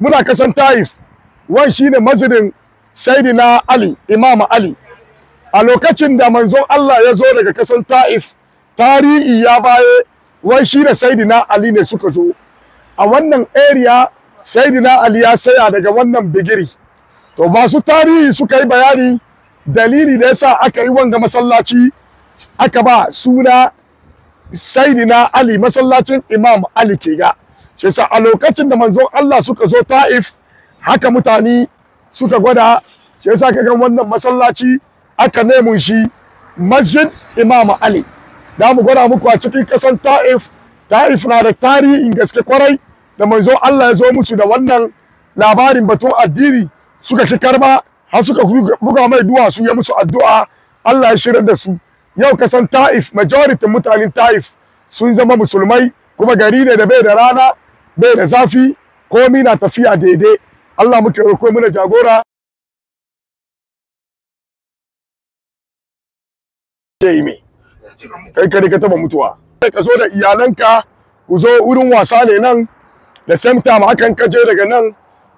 muna kasan taif wan shine mazirin saidina ali imam ali a lokacin da manzon Allah ya zo daga kasan taif tarihi ya baye wan shine saidina ali ne suka zo a wannan area saidina ali ya saya daga wannan bigiri to masu tarihi suka yi bayani dalili da yasa aka yi wanga masallaci aka ba suna saidina ali masallacin imam ali ke ga shi yasa a lokacin da manzon Allah suka zo Ta'if haka mutane suka gwada shi ka kaga wannan masallaci aka nemi shi Masjid Imam Ali da mu gwada muku a cikin kasan Ta'if Ta'if na da tarihin gaske kwarai da manzon Allah ya zo musu da wannan labarin batun addini suka ki karba har suka buga mai duwatsu ya musu addu'a Allah ya shirar da su yau kasan Ta'if majority mutanen Ta'if sun zama musulmai kuma gari ne da bai da rana bai da zafi komi na tafiya daidai Allah muke roƙo mana jagora yi me kai kare ka taba mutuwa ka zo da iyalanka ku zo wurin wasa ne nan da same time hakan ka je daga nan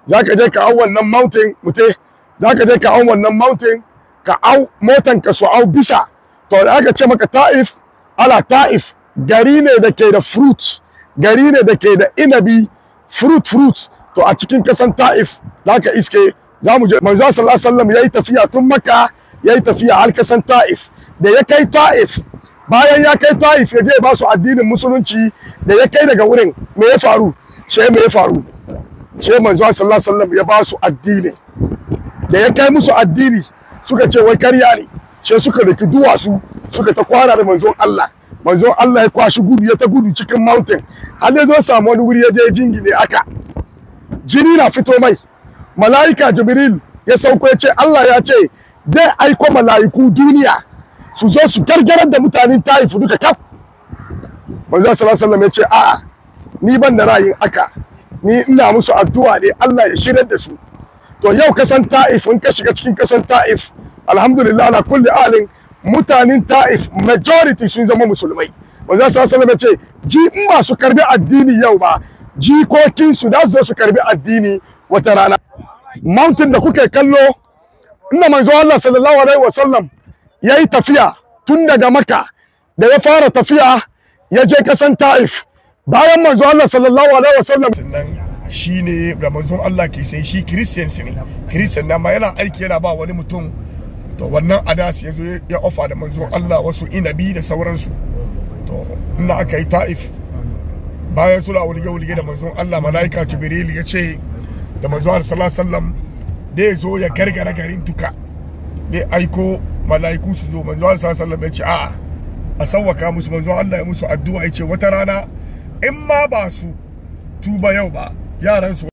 zaka je ka au wannan mountain mutai zaka je ka au wannan mountain ka au motan ka su au bisa to da aka ce maka ta'if ala ta'if gari ne da ke da fruit gari ne da ke da inabi fruit fruit to a cikin kasan ta'if aka iske za mu je manzo sallallahu alaihi wasallam yayi tafiya tun makka yayi tafiya har kasan ta'if da ya kai ta'if bayan ya kai ta'if ya je ba su addinin musulunci da ya kai daga wurin me ya faru she me ya faru she manzo sallallahu alaihi wasallam ya ba su addini da ya kai musu addini suka ce wai karya ne she suka riki duwatsu suka ta kwara da manzon Allah manzo Allah ya kwashi gudu ya ta gudu cikin mountain har ya zo samu wani wuri ya je jingine aka jini na fito mai mala'ika jibril ya sauko ya ce Allah ya ce dai aiko mala'iku duniya su zo su gargarar da mutanen taifu duka kaf manzo sallallahu alaihi ya ce a'a ni ban da ra'ayin aka ni ina musu addu'a ne Allah ya shirar da su to yau kasan ta'if in ka shiga cikin kasan ta'if alhamdulillah ala kulli alin mutanen ta'if majority sun zama musulmai manzo sallallahu alaihi ce ji in ba su karbi addini yau ba jikokin su da su su karbi addini wata rana mountain da kuke kallo inda manzo Allah sallallahu alaihi wa sallam yayi tafiya tun daga Makka da ya fara tafiya ya je kasan Taif bayan manzo Allah sallallahu alaihi wa sallam shine da manzon Allah ke sai shi Christian ne Christian na ma yana aiki yana ba wani mutum to wannan adas ya zo ya ofa da manzon Allah wasu inabi da sauransu to ina aka yi ta'if bayan suna wulge-wulge da manzon Allah malaika jibril ya ce da manzon Allah sallallahu alaihi wasallam dai zo ya gargara garin tuka dai aiko malaiku su zo manzon Allah sallallahu alaihi wasallam ya ce a'a a sawwaka musu manzon Allah ya musu addu'a ya ce wata rana in ma ba su tuba yau ba yaran su